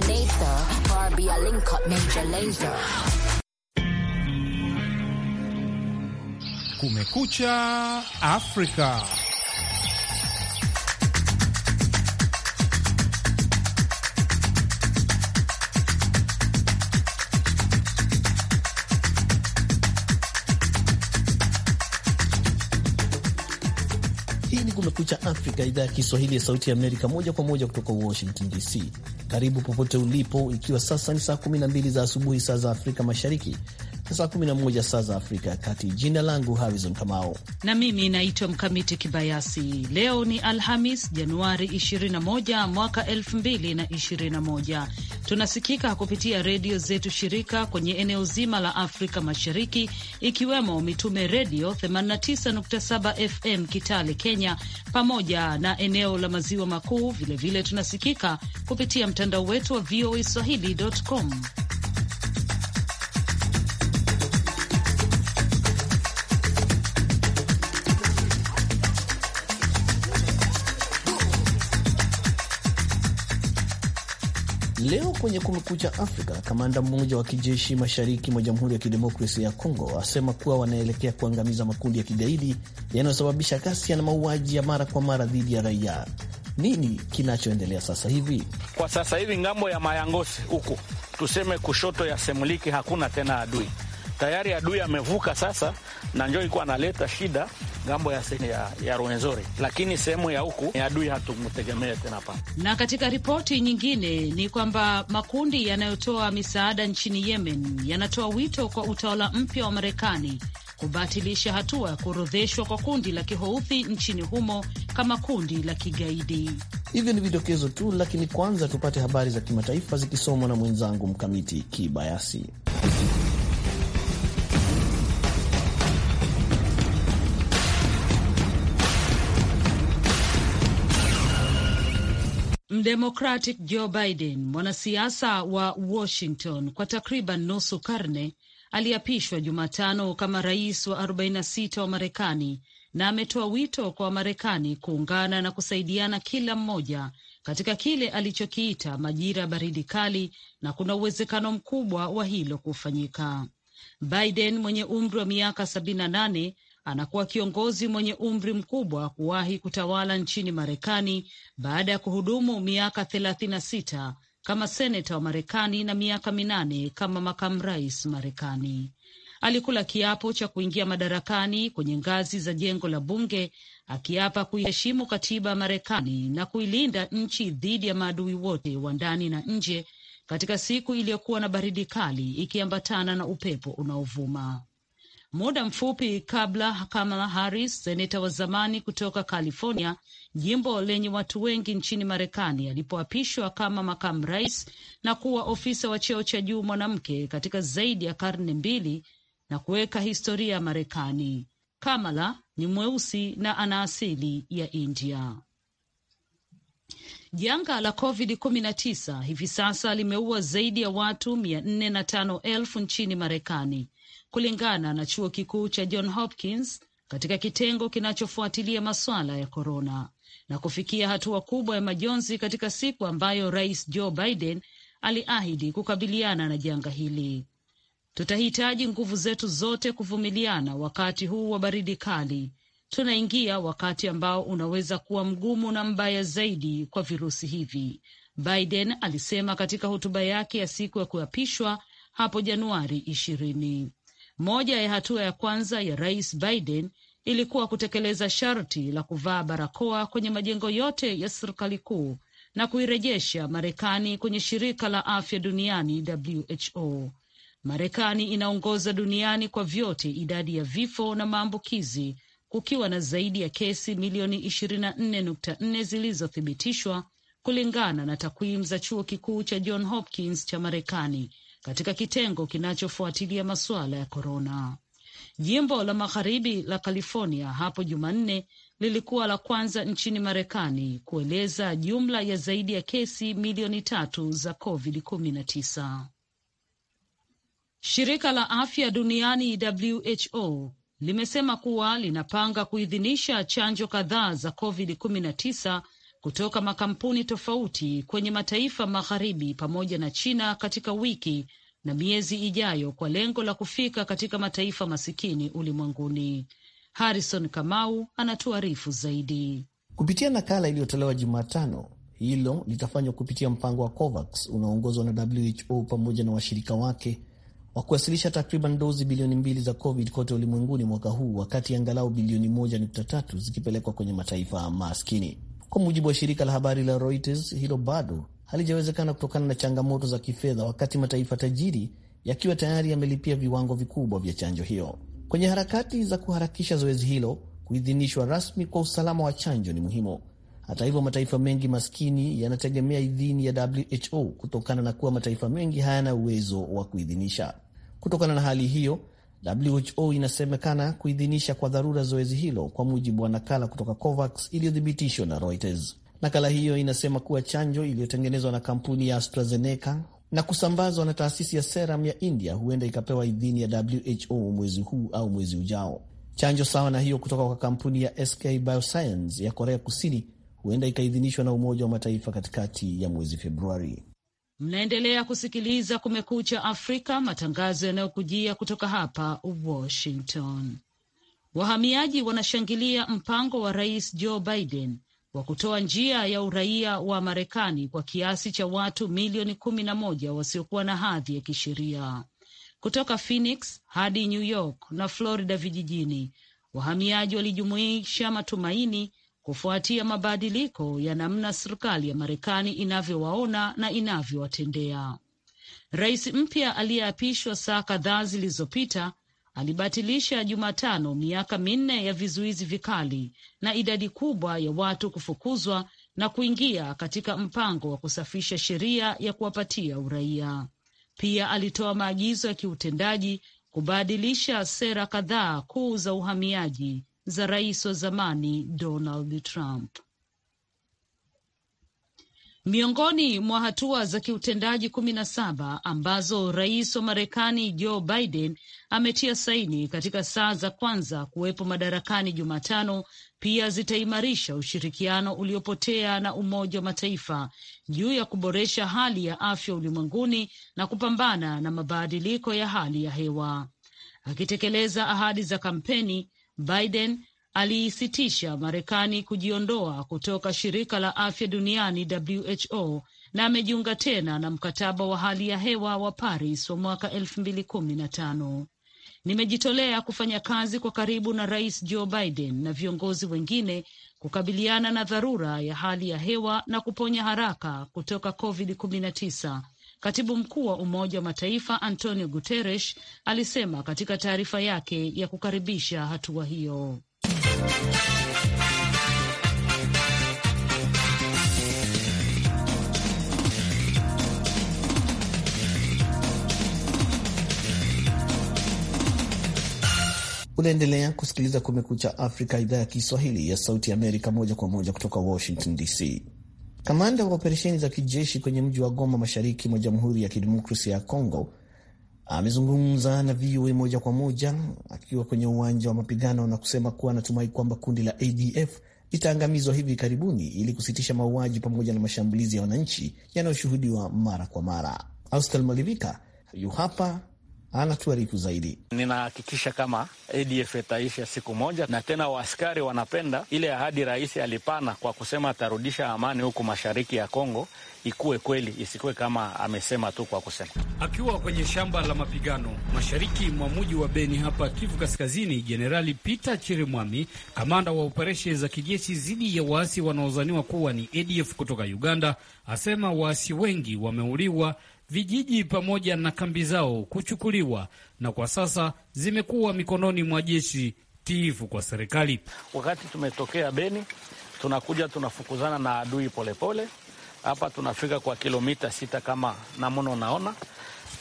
Nather, Barbie, I link up Major Lazer. Kumekucha Africa. Kumekucha Afrika, idhaa ya Kiswahili ya Sauti ya Amerika, moja kwa moja kutoka Washington DC. Karibu popote ulipo, ikiwa sasa ni saa 12 za asubuhi, saa za Afrika Mashariki, saa 11 saa za Afrika ya Kati. Jina langu Harrison Kamao na mimi naitwa Mkamiti Kibayasi. Leo ni Alhamis, Januari 21 mwaka 2021. Tunasikika kupitia redio zetu shirika kwenye eneo zima la Afrika Mashariki, ikiwemo Mitume Redio 89.7 FM Kitale, Kenya, pamoja na eneo la maziwa makuu. Vilevile tunasikika kupitia mtandao wetu wa VOA swahili.com. Leo kwenye Kumekucha Afrika, kamanda mmoja wa kijeshi mashariki mwa Jamhuri ya Kidemokrasia ya Kongo asema kuwa wanaelekea kuangamiza makundi ya kigaidi yanayosababisha ghasia na mauaji ya mara kwa mara dhidi ya raia. Nini kinachoendelea sasa hivi? Kwa sasa hivi, ngambo ya Mayangosi huku tuseme kushoto ya Semuliki hakuna tena adui tayari adui amevuka sasa, na njo ilikuwa analeta shida ngambo ya, ya, ya Ruenzori, lakini sehemu ya huku ni adui hatumtegemee tena pa. Na katika ripoti nyingine ni kwamba makundi yanayotoa misaada nchini Yemen yanatoa wito kwa utawala mpya wa Marekani kubatilisha hatua ya kuorodheshwa kwa kundi la kihouthi nchini humo kama kundi la kigaidi. Hivyo ni vidokezo tu, lakini kwanza tupate habari za kimataifa zikisomwa na mwenzangu Mkamiti Kibayasi. Mdemokratic Joe Biden, mwanasiasa wa Washington kwa takriban nusu karne, aliapishwa Jumatano kama rais wa 46 wa Marekani na ametoa wito kwa Wamarekani kuungana na kusaidiana kila mmoja katika kile alichokiita majira ya baridi kali, na kuna uwezekano mkubwa wa hilo kufanyika. Biden mwenye umri wa miaka 78 anakuwa kiongozi mwenye umri mkubwa kuwahi kutawala nchini Marekani baada ya kuhudumu miaka 36 kama seneta wa Marekani na miaka minane kama makamu rais Marekani. Alikula kiapo cha kuingia madarakani kwenye ngazi za jengo la bunge akiapa kuiheshimu katiba ya Marekani na kuilinda nchi dhidi ya maadui wote wa ndani na nje, katika siku iliyokuwa na baridi kali ikiambatana na upepo unaovuma. Muda mfupi kabla, Kamala Harris, seneta wa zamani kutoka California, jimbo lenye watu wengi nchini Marekani, alipoapishwa kama makamu rais na kuwa ofisa wa cheo cha juu mwanamke katika zaidi ya karne mbili na kuweka historia ya Marekani. Kamala ni mweusi na ana asili ya India. Janga la COVID-19 hivi sasa limeua zaidi ya watu mia nne na tano elfu nchini Marekani kulingana na chuo kikuu cha John Hopkins katika kitengo kinachofuatilia masuala ya korona, na kufikia hatua kubwa ya majonzi katika siku ambayo Rais Joe Biden aliahidi kukabiliana na janga hili. Tutahitaji nguvu zetu zote kuvumiliana wakati huu wa baridi kali. Tunaingia wakati ambao unaweza kuwa mgumu na mbaya zaidi kwa virusi hivi, Biden alisema katika hotuba yake ya siku ya kuapishwa hapo Januari ishirini. Moja ya hatua ya kwanza ya Rais Biden ilikuwa kutekeleza sharti la kuvaa barakoa kwenye majengo yote ya serikali kuu na kuirejesha Marekani kwenye shirika la afya duniani WHO. Marekani inaongoza duniani kwa vyote idadi ya vifo na maambukizi, kukiwa na zaidi ya kesi milioni 24.4 zilizothibitishwa kulingana na takwimu za chuo kikuu cha John Hopkins cha Marekani katika kitengo kinachofuatilia masuala ya korona. Jimbo la magharibi la California hapo Jumanne lilikuwa la kwanza nchini Marekani kueleza jumla ya zaidi ya kesi milioni tatu za COVID-19. Shirika la afya duniani WHO limesema kuwa linapanga kuidhinisha chanjo kadhaa za COVID-19 kutoka makampuni tofauti kwenye mataifa magharibi pamoja na China katika wiki na miezi ijayo kwa lengo la kufika katika mataifa masikini ulimwenguni. Harrison Kamau anatuarifu zaidi. Kupitia nakala iliyotolewa Jumatano, hilo litafanywa kupitia mpango wa COVAX unaoongozwa na WHO pamoja na washirika wake wa kuwasilisha takriban dozi bilioni mbili za COVID kote ulimwenguni mwaka huu, wakati angalau bilioni 1.3 zikipelekwa kwenye mataifa maskini. Kwa mujibu wa shirika la habari la Reuters, hilo bado halijawezekana kutokana na changamoto za kifedha, wakati mataifa tajiri yakiwa tayari yamelipia viwango vikubwa vya chanjo hiyo. Kwenye harakati za kuharakisha zoezi hilo, kuidhinishwa rasmi kwa usalama wa chanjo ni muhimu. Hata hivyo, mataifa mengi maskini yanategemea idhini ya WHO kutokana na kuwa mataifa mengi hayana uwezo wa kuidhinisha. Kutokana na hali hiyo WHO inasemekana kuidhinisha kwa dharura zoezi hilo kwa mujibu wa nakala kutoka COVAX iliyothibitishwa na Reuters. Nakala hiyo inasema kuwa chanjo iliyotengenezwa na kampuni ya AstraZeneca na kusambazwa na taasisi ya Serum ya India huenda ikapewa idhini ya WHO mwezi huu au mwezi ujao. Chanjo sawa na hiyo kutoka kwa kampuni ya SK Bioscience ya Korea Kusini huenda ikaidhinishwa na Umoja wa Mataifa katikati ya mwezi Februari. Mnaendelea kusikiliza Kumekucha Afrika, matangazo yanayokujia kutoka hapa Washington. Wahamiaji wanashangilia mpango wa Rais Joe Biden wa kutoa njia ya uraia wa Marekani kwa kiasi cha watu milioni kumi na moja wasiokuwa na hadhi ya kisheria kutoka Phoenix hadi New York na Florida vijijini. Wahamiaji walijumuisha matumaini kufuatia mabadiliko ya namna serikali ya Marekani inavyowaona na inavyowatendea. Rais mpya aliyeapishwa saa kadhaa zilizopita alibatilisha Jumatano miaka minne ya vizuizi vikali na idadi kubwa ya watu kufukuzwa na kuingia katika mpango wa kusafisha sheria ya kuwapatia uraia. Pia alitoa maagizo ya kiutendaji kubadilisha sera kadhaa kuu za uhamiaji za rais wa zamani Donald Trump. Miongoni mwa hatua za kiutendaji kumi na saba ambazo rais wa Marekani Joe Biden ametia saini katika saa za kwanza kuwepo madarakani Jumatano pia zitaimarisha ushirikiano uliopotea na Umoja wa Mataifa juu ya kuboresha hali ya afya ulimwenguni na kupambana na mabadiliko ya hali ya hewa. Akitekeleza ahadi za kampeni, Biden aliisitisha Marekani kujiondoa kutoka shirika la afya duniani WHO na amejiunga tena na mkataba wa hali ya hewa wa Paris wa mwaka elfu mbili kumi na tano. Nimejitolea kufanya kazi kwa karibu na Rais Joe Biden na viongozi wengine kukabiliana na dharura ya hali ya hewa na kuponya haraka kutoka COVID-19 Katibu mkuu wa Umoja wa Mataifa Antonio Guterres alisema katika taarifa yake ya kukaribisha hatua hiyo. Unaendelea kusikiliza Kumekucha Afrika, idhaa ya Kiswahili ya Sauti ya Amerika, moja kwa moja kutoka Washington DC. Kamanda wa operesheni za kijeshi kwenye mji wa Goma, mashariki mwa Jamhuri ya Kidemokrasia ya Kongo, amezungumza na VOA moja kwa moja akiwa kwenye uwanja wa mapigano na kusema kuwa anatumai kwamba kundi la ADF litaangamizwa hivi karibuni ili kusitisha mauaji pamoja na mashambulizi ya wananchi yanayoshuhudiwa mara kwa mara. Austal Malivika yu hapa anatuarifu zaidi. Ninahakikisha kama ADF itaisha siku moja, na tena waaskari wanapenda ile ahadi rais alipana kwa kusema atarudisha amani huku mashariki ya Kongo ikuwe kweli, isikuwe kama amesema tu kwa kusema. Akiwa kwenye shamba la mapigano mashariki mwa muji wa Beni hapa Kivu Kaskazini, Jenerali Peter Chirimwami, kamanda wa operesheni za kijeshi dhidi ya waasi wanaozaniwa kuwa ni ADF kutoka Uganda, asema waasi wengi wameuliwa vijiji pamoja na kambi zao kuchukuliwa na kwa sasa zimekuwa mikononi mwa jeshi tiifu kwa serikali. Wakati tumetokea Beni tunakuja tunafukuzana na adui polepole hapa pole. Tunafika kwa kilomita sita kama namuno unaona,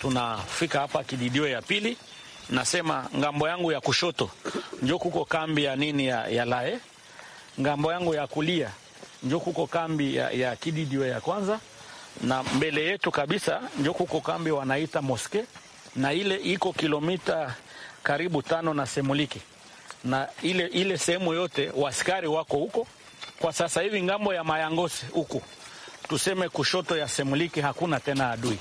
tunafika hapa kididio ya pili, nasema ngambo yangu ya kushoto njo kuko kambi ya nini ya, ya lae, ngambo yangu ya kulia njo kuko kambi ya, ya kididio ya kwanza na mbele yetu kabisa ndio kuko kambi wanaita Moske, na ile iko kilomita karibu tano na Semuliki, na ile ile sehemu yote waskari wako huko kwa sasa hivi. Ngambo ya Mayangosi huko tuseme kushoto ya Semuliki hakuna tena adui,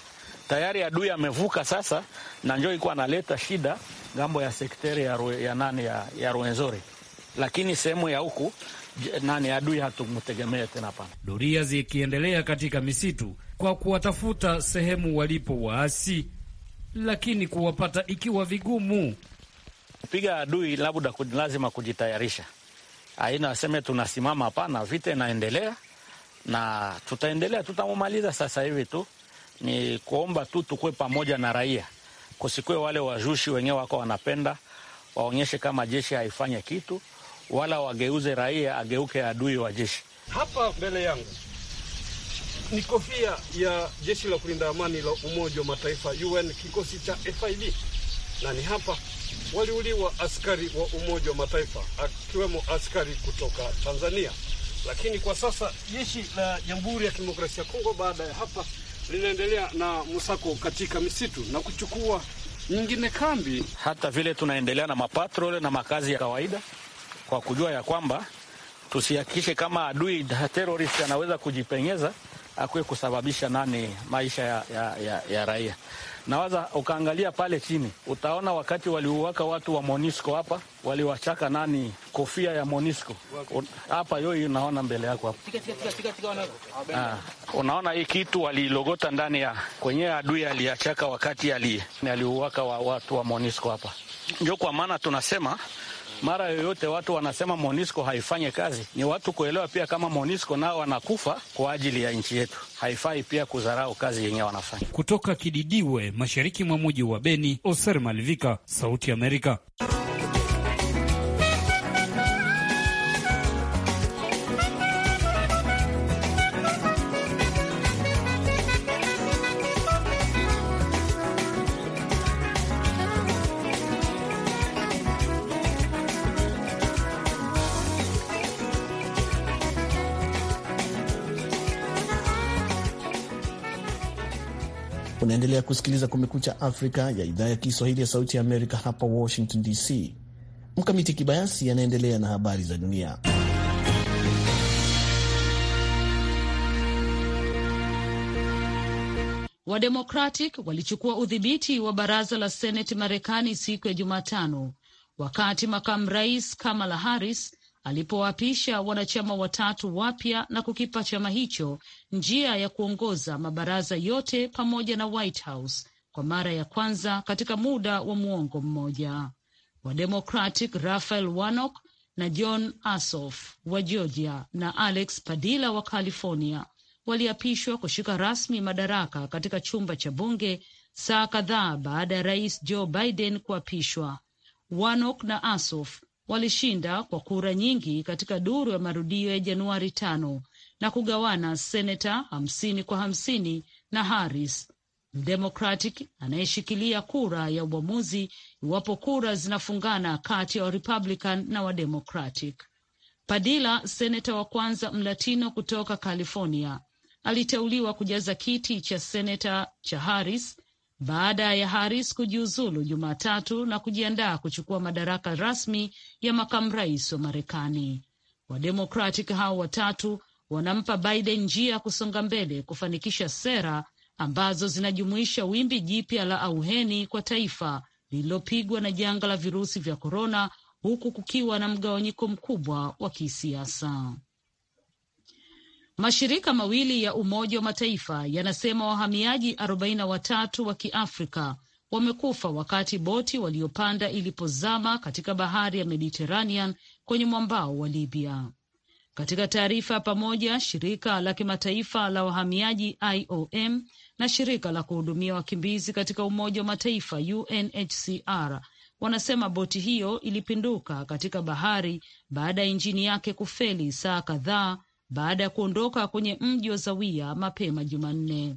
tayari adui amevuka sasa, na njo iko analeta shida ngambo ya sekteri ya, ya ya, ya Ruenzori, lakini sehemu ya huku nani adui hatumtegemee tena pana. Doria zikiendelea katika misitu kwa kuwatafuta sehemu walipo waasi, lakini kuwapata ikiwa vigumu. Kupiga adui labda lazima kujitayarisha, aina aseme tunasimama, hapana, vita inaendelea na tutaendelea, tutamumaliza sasa hivi tu. Ni kuomba tu tukue pamoja na raia, kusikue wale wazushi wenyewe wako wanapenda waonyeshe kama jeshi haifanye kitu wala wageuze raia ageuke adui wa jeshi. Hapa mbele yangu ni kofia ya jeshi la kulinda amani la Umoja wa Mataifa, UN, kikosi cha FIB, na ni hapa waliuliwa askari wa Umoja wa Mataifa akiwemo askari kutoka Tanzania. Lakini kwa sasa jeshi la Jamhuri ya Kidemokrasia ya Kongo baada ya hapa linaendelea na msako katika misitu na kuchukua nyingine kambi. Hata vile tunaendelea na mapatrol na makazi ya kawaida kwa kujua ya kwamba tusihakikishe kama adui terrorist anaweza kujipenyeza akuwe kusababisha nani maisha ya, ya, ya, ya raia. Nawaza ukaangalia pale chini utaona wakati waliuwaka watu wa Monisco hapa waliwachaka nani kofia ya Monisco hapa yoi, unaona mbele yako hapa, ah, unaona hii kitu waliilogota ndani ya kwenye adui aliachaka wakati aliuwaka wa watu wa Monisco hapa, ndio kwa maana tunasema mara yoyote watu wanasema MONUSCO haifanye kazi, ni watu kuelewa pia kama MONUSCO nao wanakufa kwa ajili ya nchi yetu. Haifai pia kudharau kazi yenye wanafanya. Kutoka Kididiwe, mashariki mwa muji wa Beni, Oser Malivika, Sauti Amerika. Unaendelea kusikiliza Kumekucha Afrika ya idhaa ya Kiswahili ya Sauti ya Amerika, hapa Washington DC. Mkamiti Kibayasi anaendelea na habari za dunia. Wademokratic walichukua udhibiti wa baraza la seneti Marekani siku ya Jumatano, wakati makamu rais Kamala Harris alipowapisha wanachama watatu wapya na kukipa chama hicho njia ya kuongoza mabaraza yote pamoja na White House kwa mara ya kwanza katika muda wa muongo mmoja. Wademocratic Rafael Warnock na John Asof wa Georgia na Alex Padilla wa California waliapishwa kushika rasmi madaraka katika chumba cha bunge saa kadhaa baada ya rais Joe Biden kuapishwa. Warnock na Asof walishinda kwa kura nyingi katika duru ya marudio ya Januari tano na kugawana seneta hamsini kwa hamsini na Harris Democratic anayeshikilia kura ya uamuzi iwapo kura zinafungana kati ya Warepublican na Wademocratic. Padilla, seneta wa kwanza mlatino kutoka California, aliteuliwa kujaza kiti cha seneta cha Harris baada ya Haris kujiuzulu Jumatatu na kujiandaa kuchukua madaraka rasmi ya makamu rais wa Marekani. Wademokratic hao watatu wanampa Biden njia ya kusonga mbele kufanikisha sera ambazo zinajumuisha wimbi jipya la auheni kwa taifa lililopigwa na janga la virusi vya korona, huku kukiwa na mgawanyiko mkubwa wa kisiasa. Mashirika mawili ya Umoja wa Mataifa yanasema wahamiaji 43 wa Kiafrika wamekufa wakati boti waliopanda ilipozama katika bahari ya Mediteranean kwenye mwambao wa Libya. Katika taarifa ya pamoja, shirika la kimataifa la wahamiaji IOM na shirika la kuhudumia wakimbizi katika Umoja wa Mataifa UNHCR wanasema boti hiyo ilipinduka katika bahari baada ya injini yake kufeli saa kadhaa baada ya kuondoka kwenye mji wa Zawiya mapema Jumanne.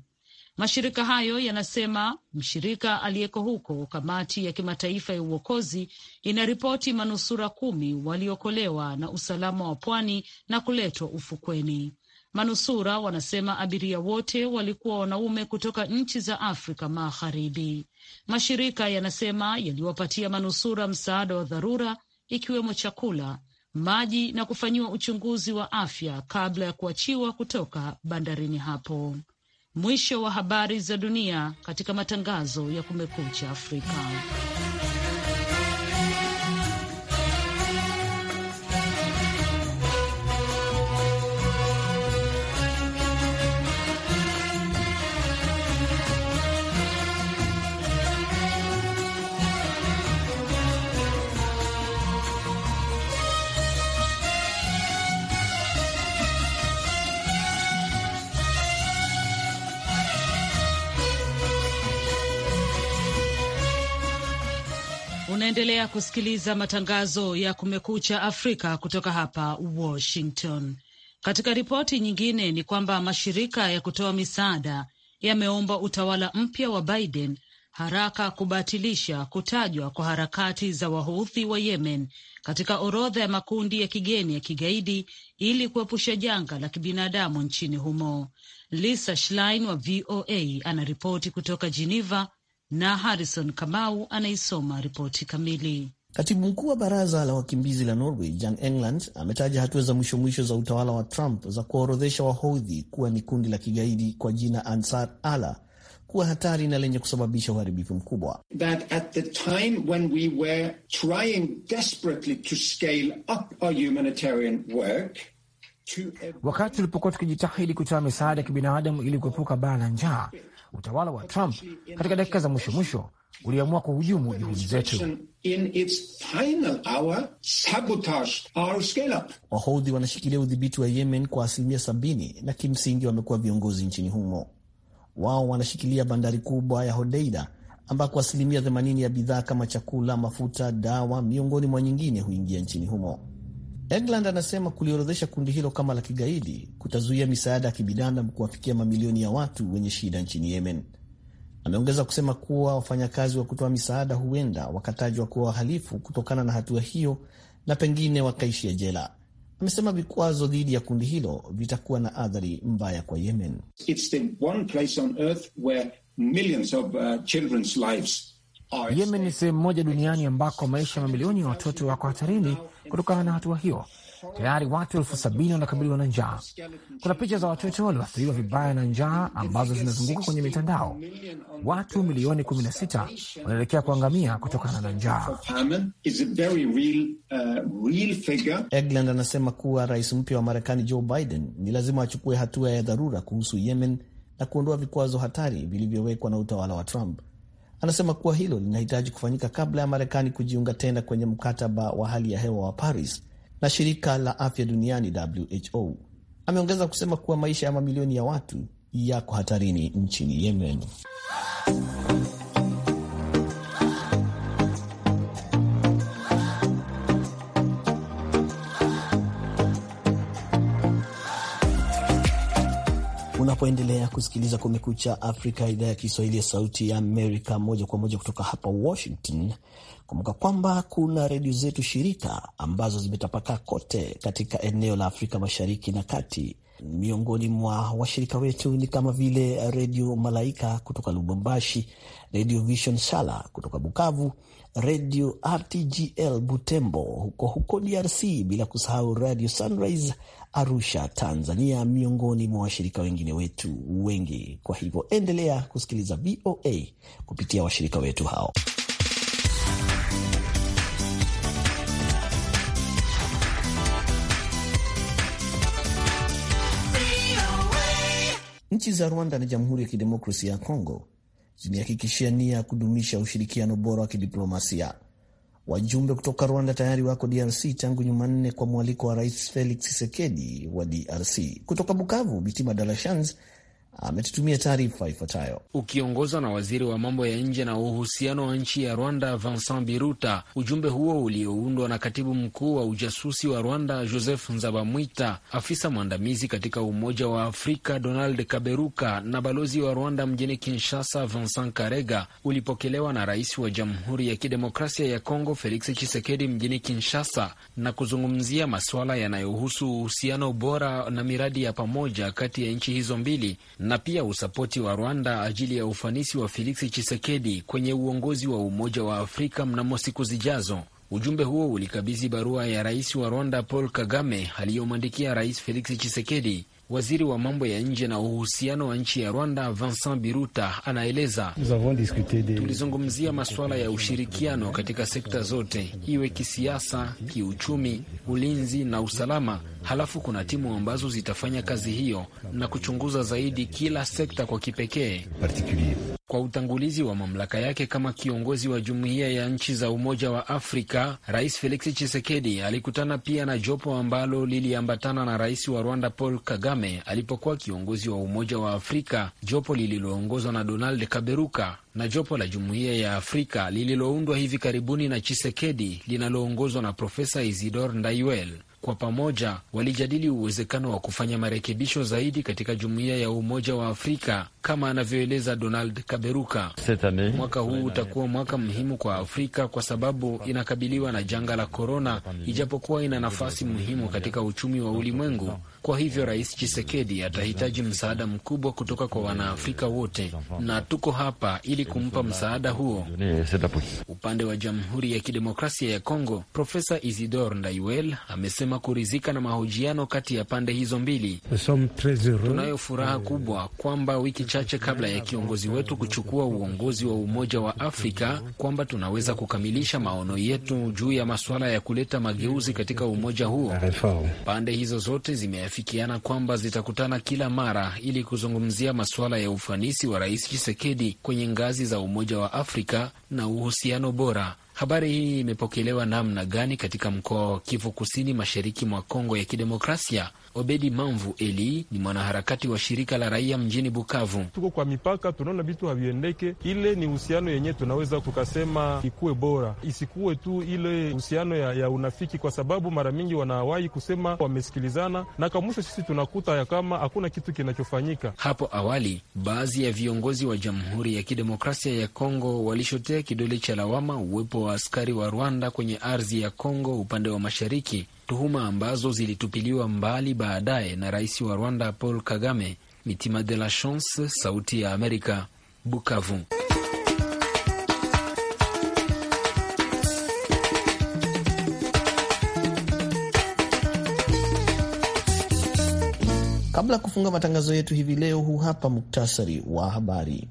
Mashirika hayo yanasema mshirika aliyeko huko, kamati ya kimataifa ya uokozi inaripoti manusura kumi waliokolewa na usalama wa pwani na kuletwa ufukweni. Manusura wanasema abiria wote walikuwa wanaume kutoka nchi za Afrika Magharibi. Mashirika yanasema yaliwapatia manusura msaada wa dharura, ikiwemo chakula, maji na kufanyiwa uchunguzi wa afya kabla ya kuachiwa kutoka bandarini hapo. Mwisho wa habari za dunia katika matangazo ya Kumekucha Afrika. Unaendelea kusikiliza matangazo ya Kumekucha Afrika kutoka hapa Washington. Katika ripoti nyingine ni kwamba mashirika ya kutoa misaada yameomba utawala mpya wa Biden haraka kubatilisha kutajwa kwa harakati za wahudhi wa Yemen katika orodha ya makundi ya kigeni ya kigaidi ili kuepusha janga la kibinadamu nchini humo. Lisa Schlein wa VOA anaripoti kutoka Geneva na Harrison Kamau anaisoma ripoti kamili. Katibu mkuu wa baraza la wakimbizi la Norway Jan England ametaja hatua za mwisho mwisho za utawala wa Trump za kuwaorodhesha Wahodhi kuwa ni kundi la kigaidi kwa jina Ansar Allah kuwa hatari na lenye kusababisha uharibifu mkubwa. Wakati tulipokuwa tukijitahidi kutoa misaada ya kibinadamu ili kuepuka baa la njaa utawala wa Trump katika dakika za mwisho mwisho uliamua kuhujumu juhudi zetu. Wahodhi wanashikilia udhibiti wa Yemen kwa asilimia sabini na kimsingi wamekuwa viongozi nchini humo. Wao wanashikilia bandari kubwa ya Hodeida ambako asilimia 80 ya bidhaa kama chakula, mafuta, dawa, miongoni mwa nyingine huingia nchini humo. England anasema kuliorodhesha kundi hilo kama la kigaidi kutazuia misaada ya kibinadamu kuwafikia mamilioni ya watu wenye shida nchini Yemen. Ameongeza kusema kuwa wafanyakazi wa kutoa misaada huenda wakatajwa kuwa wahalifu kutokana na hatua hiyo na pengine wakaishia jela. Amesema vikwazo dhidi ya kundi hilo vitakuwa na athari mbaya kwa Yemen. It's the one place on earth where millions of, uh, children's lives Yemen ni sehemu moja duniani ambako maisha ya mamilioni ya watoto wako hatarini kutokana na hatua hiyo. Tayari watu elfu sabini wanakabiliwa na njaa. Kuna picha za watoto walioathiriwa vibaya na njaa ambazo zinazunguka kwenye mitandao. Watu milioni 16 wanaelekea kuangamia kutokana na njaa. Egland anasema kuwa rais mpya wa Marekani Joe Biden ni lazima achukue hatua ya dharura kuhusu Yemen na kuondoa vikwazo hatari vilivyowekwa na utawala wa Trump anasema kuwa hilo linahitaji kufanyika kabla ya Marekani kujiunga tena kwenye mkataba wa hali ya hewa wa Paris na shirika la afya duniani WHO. Ameongeza kusema kuwa maisha ya mamilioni ya watu yako hatarini nchini Yemen. unapoendelea kusikiliza Kumekucha Afrika, idhaa ya Kiswahili ya Sauti ya Amerika, moja kwa moja kutoka hapa Washington. Kumbuka kwamba kuna redio zetu shirika ambazo zimetapakaa kote katika eneo la Afrika Mashariki na Kati. Miongoni mwa washirika wetu ni kama vile Redio Malaika kutoka Lubumbashi, Redio Vision Shala kutoka Bukavu, Radio RTGL Butembo huko huko DRC, bila kusahau Radio Sunrise Arusha Tanzania, miongoni mwa washirika wengine wetu wengi. Kwa hivyo endelea kusikiliza VOA kupitia washirika wetu hao. Nchi za Rwanda na Jamhuri ya Kidemokrasia ya Kongo zimehakikishia nia ya kudumisha ushirikiano bora wa kidiplomasia. Wajumbe kutoka Rwanda tayari wako DRC tangu Jumanne kwa mwaliko wa Rais Felix Tshisekedi wa DRC. Kutoka Bukavu, Bitima Dalashans ametutumia taarifa ifuatayo. Ukiongozwa na waziri wa mambo ya nje na uhusiano wa nchi ya Rwanda, Vincent Biruta, ujumbe huo ulioundwa na katibu mkuu wa ujasusi wa Rwanda, Joseph Nzabamwita, afisa mwandamizi katika Umoja wa Afrika Donald Kaberuka na balozi wa Rwanda mjini Kinshasa, Vincent Karega, ulipokelewa na rais wa Jamhuri ya Kidemokrasia ya Kongo, Felix Tshisekedi, mjini Kinshasa na kuzungumzia masuala yanayohusu uhusiano bora na miradi ya pamoja kati ya nchi hizo mbili na pia usapoti wa Rwanda ajili ya ufanisi wa Felix Chisekedi kwenye uongozi wa Umoja wa Afrika mnamo siku zijazo. Ujumbe huo ulikabidhi barua ya rais wa Rwanda Paul Kagame aliyomwandikia Rais Felix Chisekedi Waziri wa mambo ya nje na uhusiano wa nchi ya Rwanda, Vincent Biruta, anaeleza tulizungumzia masuala ya ushirikiano katika sekta zote, iwe kisiasa, kiuchumi, ulinzi na usalama. Halafu kuna timu ambazo zitafanya kazi hiyo na kuchunguza zaidi kila sekta kwa kipekee. Kwa utangulizi wa mamlaka yake kama kiongozi wa jumuiya ya nchi za Umoja wa Afrika, Rais Felix Tshisekedi alikutana pia na jopo ambalo liliambatana na rais wa Rwanda Paul Kagame Kagame alipokuwa kiongozi wa Umoja wa Afrika, jopo lililoongozwa na Donald Kaberuka na jopo la Jumuiya ya Afrika lililoundwa hivi karibuni na Chisekedi linaloongozwa na Profesa Isidor Ndaiwel. Kwa pamoja walijadili uwezekano wa kufanya marekebisho zaidi katika jumuiya ya Umoja wa Afrika kama anavyoeleza Donald Kaberuka. Mwaka huu utakuwa mwaka muhimu kwa Afrika kwa sababu inakabiliwa na janga la korona, ijapokuwa ina nafasi muhimu katika uchumi wa ulimwengu. Kwa hivyo Rais chisekedi atahitaji msaada mkubwa kutoka kwa Wanaafrika wote na tuko hapa ili kumpa msaada huo. Upande wa Jamhuri ya Kidemokrasia ya Kongo, Profesa Isidor Ndaiwel amesema kuridhika na mahojiano kati ya pande hizo mbili. Tunayo furaha kubwa kwamba wiki chache kabla ya kiongozi wetu kuchukua uongozi wa Umoja wa Afrika kwamba tunaweza kukamilisha maono yetu juu ya masuala ya kuleta mageuzi katika umoja huo. Pande hizo zote zimeafika zimeafikiana kwamba zitakutana kila mara ili kuzungumzia masuala ya ufanisi wa Rais chisekedi kwenye ngazi za Umoja wa Afrika na uhusiano bora Habari hii imepokelewa namna gani katika mkoa wa Kivu Kusini, mashariki mwa Kongo ya Kidemokrasia? Obedi Mamvu Eli ni mwanaharakati wa shirika la raia mjini Bukavu. Tuko kwa mipaka, tunaona vitu haviendeke. Ile ni uhusiano yenye tunaweza tukasema ikuwe bora, isikuwe tu ile uhusiano ya, ya unafiki, kwa sababu mara mingi wanawahi kusema wamesikilizana na kwa mwisho sisi tunakuta ya kama hakuna kitu kinachofanyika. Hapo awali baadhi ya viongozi wa Jamhuri ya Kidemokrasia ya Kongo walishotea kidole cha lawama uwepo wa askari wa Rwanda kwenye ardhi ya Kongo upande wa mashariki, tuhuma ambazo zilitupiliwa mbali baadaye na rais wa Rwanda Paul Kagame. Mitima de la Chance, Sauti ya Amerika, Bukavu. Kabla ya kufunga matangazo yetu hivi leo, huu hapa muktasari wa habari.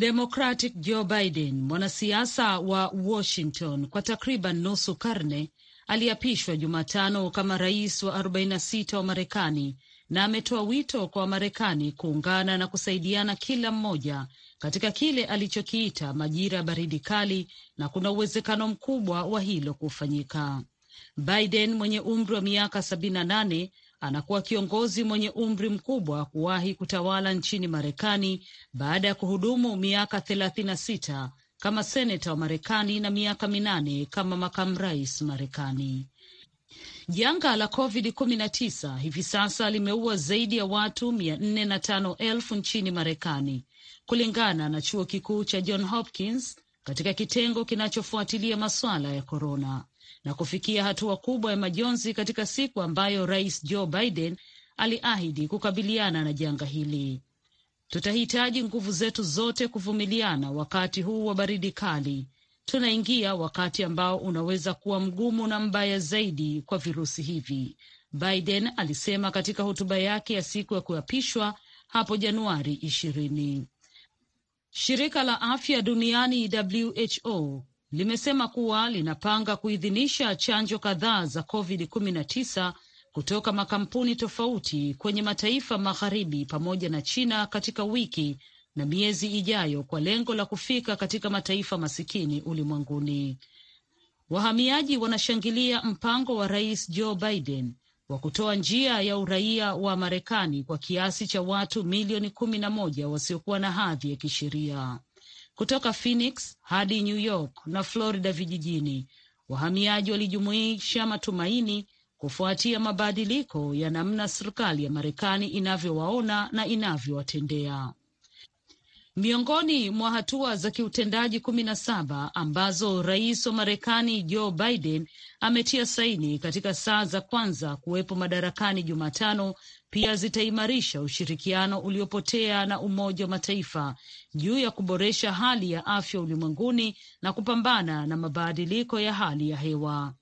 Mdemokratic Joe Biden, mwanasiasa wa Washington kwa takriban nusu karne, aliapishwa Jumatano kama rais wa 46 wa Marekani na ametoa wito kwa Wamarekani kuungana na kusaidiana kila mmoja katika kile alichokiita majira ya baridi kali, na kuna uwezekano mkubwa wa hilo kufanyika. Biden mwenye umri wa miaka 78 anakuwa kiongozi mwenye umri mkubwa kuwahi kutawala nchini Marekani baada ya kuhudumu miaka thelathini na sita kama seneta wa Marekani na miaka minane kama makamu rais Marekani. Janga la COVID-19 hivi sasa limeua zaidi ya watu mia nne na tano elfu nchini Marekani, kulingana na chuo kikuu cha John Hopkins katika kitengo kinachofuatilia masuala ya korona na kufikia hatua kubwa ya majonzi katika siku ambayo Rais Joe Biden aliahidi kukabiliana na janga hili. Tutahitaji nguvu zetu zote kuvumiliana wakati huu wa baridi kali. Tunaingia wakati ambao unaweza kuwa mgumu na mbaya zaidi kwa virusi hivi, Biden alisema katika hotuba yake ya siku ya kuapishwa hapo Januari ishirini. Shirika la afya duniani WHO limesema kuwa linapanga kuidhinisha chanjo kadhaa za COVID-19 kutoka makampuni tofauti kwenye mataifa magharibi pamoja na China katika wiki na miezi ijayo kwa lengo la kufika katika mataifa masikini ulimwenguni. Wahamiaji wanashangilia mpango wa Rais Joe Biden wa kutoa njia ya uraia wa Marekani kwa kiasi cha watu milioni kumi na moja wasiokuwa na hadhi ya kisheria kutoka Phoenix hadi New York na Florida vijijini. Wahamiaji walijumuisha matumaini kufuatia mabadiliko ya namna serikali ya Marekani inavyowaona na inavyowatendea. Miongoni mwa hatua za kiutendaji kumi na saba ambazo rais wa Marekani Joe Biden ametia saini katika saa za kwanza kuwepo madarakani Jumatano pia zitaimarisha ushirikiano uliopotea na Umoja wa Mataifa juu ya kuboresha hali ya afya ulimwenguni na kupambana na mabadiliko ya hali ya hewa.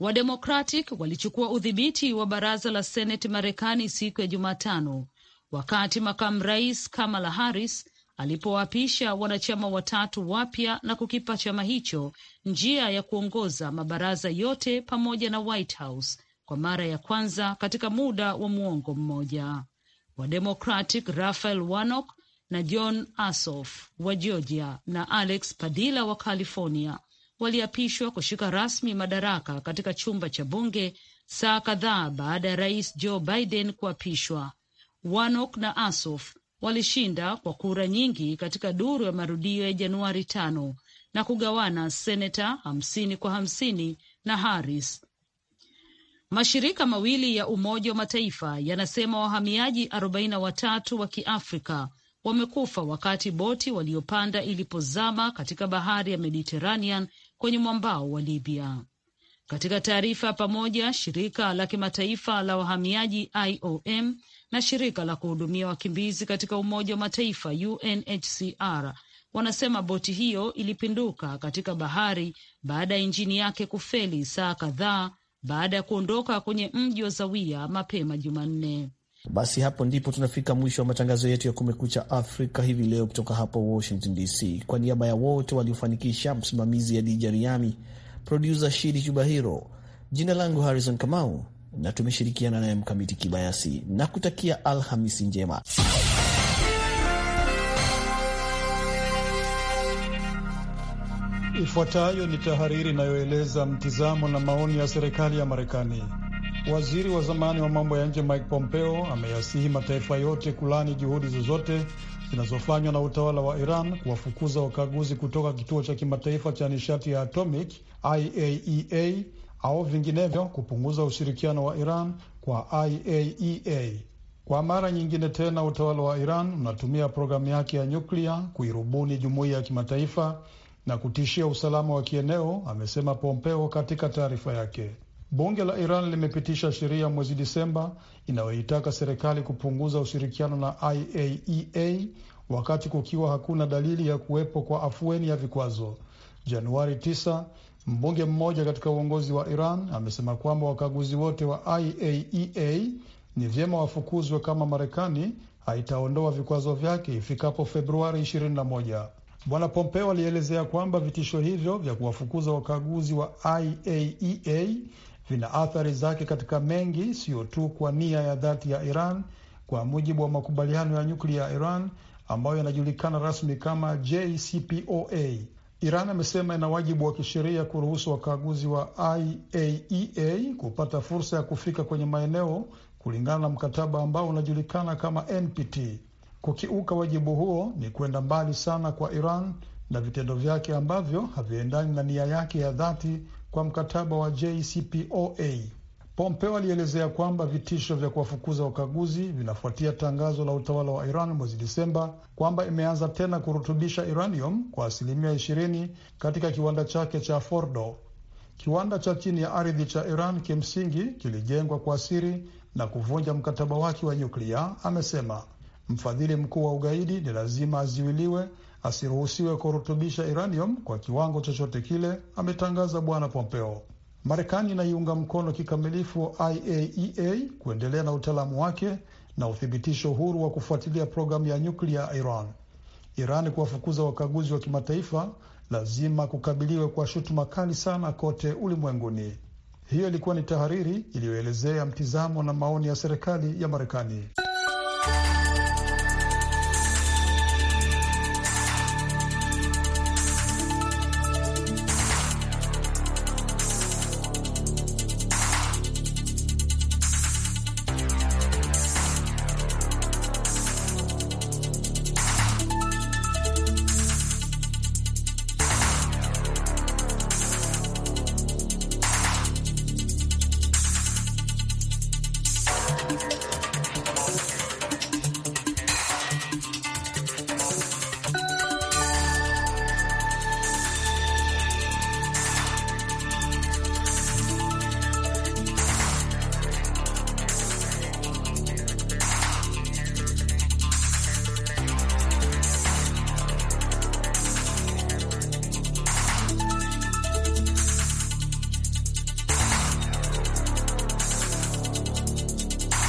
Wademokratic walichukua udhibiti wa baraza la Seneti Marekani siku ya Jumatano wakati makamu rais Kamala Harris alipowaapisha wanachama watatu wapya na kukipa chama hicho njia ya kuongoza mabaraza yote pamoja na White House kwa mara ya kwanza katika muda wa muongo mmoja. Wademocratic Rafael Warnock na John Asof wa Georgia na Alex Padilla wa California waliapishwa kushika rasmi madaraka katika chumba cha bunge saa kadhaa baada ya rais Joe Biden kuapishwa. Warnock na Asof walishinda kwa kura nyingi katika duru ya marudio ya Januari tano na kugawana seneta hamsini kwa hamsini na Harris. Mashirika mawili ya Umoja wa Mataifa yanasema wahamiaji arobaini na wa Kiafrika wamekufa wakati boti waliopanda ilipozama katika bahari ya Mediterranean kwenye mwambao wa Libya. Katika taarifa ya pamoja, shirika la kimataifa la wahamiaji IOM na shirika la kuhudumia wakimbizi katika Umoja wa Mataifa UNHCR wanasema boti hiyo ilipinduka katika bahari baada ya injini yake kufeli saa kadhaa baada ya kuondoka kwenye mji wa zawia mapema Jumanne. Basi hapo ndipo tunafika mwisho wa matangazo yetu ya Kumekucha Afrika hivi leo, kutoka hapa Washington DC. Kwa niaba ya wote waliofanikisha, msimamizi Adija Riami, produsa Shidi Chubahiro, jina langu Harrison Kamau na tumeshirikiana naye Mkamiti Kibayasi na kutakia Alhamisi njema. Ifuatayo ni tahariri inayoeleza mtizamo na maoni ya serikali ya Marekani. Waziri wa zamani wa mambo ya nje Mike Pompeo ameyasihi mataifa yote kulani juhudi zozote zinazofanywa na utawala wa Iran kuwafukuza wakaguzi kutoka kituo cha kimataifa cha nishati ya atomic IAEA e au vinginevyo kupunguza ushirikiano wa Iran kwa IAEA. E kwa mara nyingine tena, utawala wa Iran unatumia programu yake ya nyuklia kuirubuni jumuiya ya kimataifa na kutishia usalama wa kieneo, amesema Pompeo katika taarifa yake. Bunge la Iran limepitisha sheria mwezi Disemba inayoitaka serikali kupunguza ushirikiano na IAEA e wakati kukiwa hakuna dalili ya kuwepo kwa afueni ya vikwazo. Januari Mbunge mmoja katika uongozi wa Iran amesema kwamba wakaguzi wote wa IAEA e ni vyema wafukuzwe kama Marekani haitaondoa vikwazo vyake ifikapo Februari 21. Bwana Pompeo alielezea kwamba vitisho hivyo vya kuwafukuza wakaguzi wa IAEA e vina athari zake katika mengi, sio tu kwa nia ya dhati ya Iran kwa mujibu wa makubaliano ya nyuklia ya Iran ambayo yanajulikana rasmi kama JCPOA. Iran amesema ina wajibu wa kisheria kuruhusu wakaguzi wa IAEA e kupata fursa ya kufika kwenye maeneo kulingana na mkataba ambao unajulikana kama NPT. Kukiuka wajibu huo ni kwenda mbali sana kwa Iran na vitendo vyake ambavyo haviendani na nia yake ya dhati kwa mkataba wa JCPOA. Pompeo alielezea kwamba vitisho vya kuwafukuza wakaguzi vinafuatia tangazo la utawala wa Iran mwezi Disemba kwamba imeanza tena kurutubisha uranium kwa asilimia 20 katika kiwanda chake cha Fordo. Kiwanda cha chini ya ardhi cha Iran kimsingi kilijengwa kwa siri na kuvunja mkataba wake wa nyuklia, amesema. Mfadhili mkuu wa ugaidi ni lazima aziwiliwe, asiruhusiwe kurutubisha uranium kwa kiwango chochote kile, ametangaza Bwana Pompeo. Marekani inaiunga mkono kikamilifu IAEA e kuendelea na utaalamu wake na uthibitisho huru wa kufuatilia programu ya nyuklia ya Iran. Iran kuwafukuza wakaguzi wa kimataifa lazima kukabiliwe kwa shutuma kali sana kote ulimwenguni. Hiyo ilikuwa ni tahariri iliyoelezea mtizamo na maoni ya serikali ya Marekani.